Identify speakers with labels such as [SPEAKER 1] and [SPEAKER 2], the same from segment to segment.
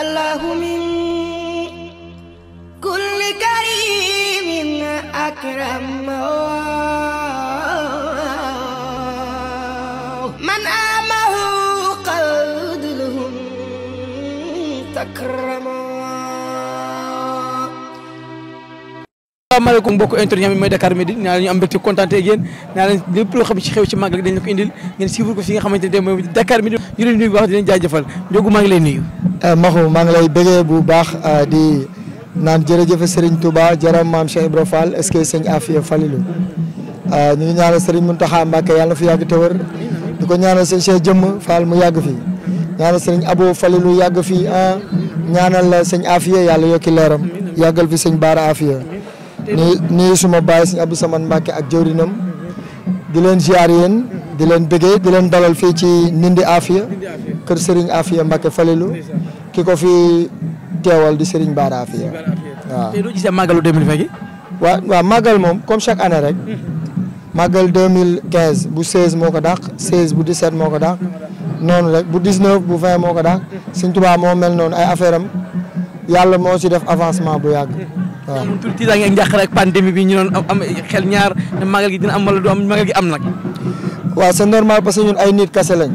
[SPEAKER 1] الله من كل كريم أكرم من آمه قلدلهم
[SPEAKER 2] تكرم
[SPEAKER 1] asalaamaaleykum mbokk internet ñoom mooy Dakar Midi naa la ñu loo xam ci xew ci màggal dañ la ko indil ngeen suivre bu baax di leen jaajëfal Ndiogou maa ngi
[SPEAKER 2] eh, maa ngi lay bëggee bu baax eh, di naan jërëjëf Serigne Touba jaram maam Cheikh Ibra Fall est-ce que sëñ Afia Falilou eh, ñu ngi ñaanal Serigne Mountakha Mbacké yàlla fi yàgg te wër di ko ñaanal sëñ Cheikh Jëmm mu yàgg fii ñaanal Serigne Abo Falilou yàgg fii ah. ñaanal sëñ Afia yàlla yokki leeram yàggal fi sëñ Baara Afia nuyu suma baay sëñ Abdou Samane Mbacke ak jëwrinam di leen ziar yéen di leen bëggee di leen dalal fii ci Ndindi Afia kër Serigne Afia Mbacke Falilou ki ko fi teewal di Serigne Bara Afia
[SPEAKER 1] waaw. tey màggalu 2020
[SPEAKER 2] gi. waaw màggal moom comme chaque année rek. màggal quinze bu 16 moo ko dàq 16 bu 17 moo ko dàq noonu rek bu 19 bu 20 moo ko dàq Serigne Touba moo mel noonu ay affaire am yàlla moo si def avancement bu yàgg. waaw amul tuuti
[SPEAKER 1] tiitaange ak njàqare ak pandémie bi ñu doon am xel ñaar ne gi dina am wala du am gi am nag.
[SPEAKER 2] waaw c'est normal parce que ñun ay nit kase lañ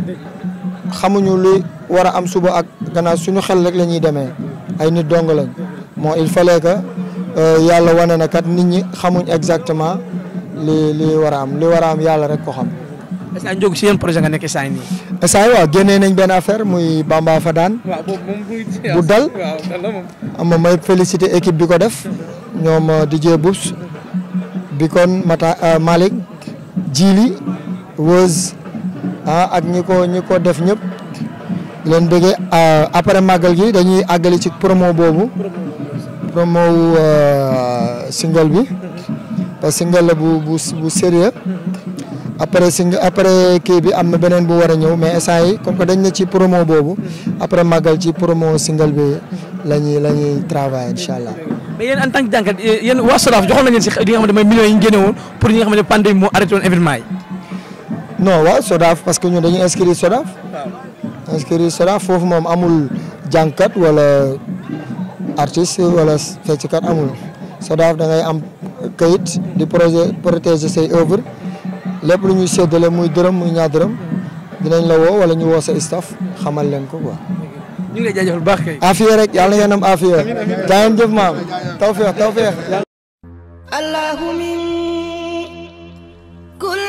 [SPEAKER 2] xamuñu li war a am suba ak gannaaw suñu xel rek la ñuy demee ay nit dong lañ moo il fallait que euh, yàlla wane na kat nit ñi xamuñ exactement li li war a am li war a am yàlla rek ko xam.
[SPEAKER 1] est-ce que Ndiogou si yéen nekk saa yi nii.
[SPEAKER 2] saa yi waaw génnee nañ benn affaire muy Bamba Fadaan.
[SPEAKER 1] waaw bu dal
[SPEAKER 2] waaw moom may félicité équipe bi ko def. ñoom euh, DJ Boubs. Bikon Mata euh, Malick. Djili. Woz. ah ak ñi ko ñi ko def ñëpp. leen bëggee euh, après màggal gi dañuy àggali ci promo boobu. promo wu single bi. parce single la bu bu sérieux après si après kii bi am na beneen bu war a ñëw mais instant yi comme que dañ ne ci promo boobu après màggal ci promo single bi la ñuy la ñuy travail incha allah.
[SPEAKER 1] mais en tant que jànkat yéen waa SODAV joxoon nañu leen si li nga xamante mooy millions yi ñu génne woon pour ñi nga xamante ne pandémie moo arrêté woon yi.
[SPEAKER 2] non waaw SODAV parce que ñun dañuy inscrire SODAV. waaw inscrire foofu moom amul jànkat wala artiste wala fecckat amul SODAV da ngay am kayit di projet protéger say œuvre lépp lu ñuy muy dërëm muy ñaar dërëm dinañ la woo wala ñu woo sa xamal leen ko quoi. ñu ngi lay jaajëfal bu baax kay. afiya rek yàlla na ngeen am afiya jaayeen jëf maam tawfeex tawfeex.
[SPEAKER 1] allahu min kulli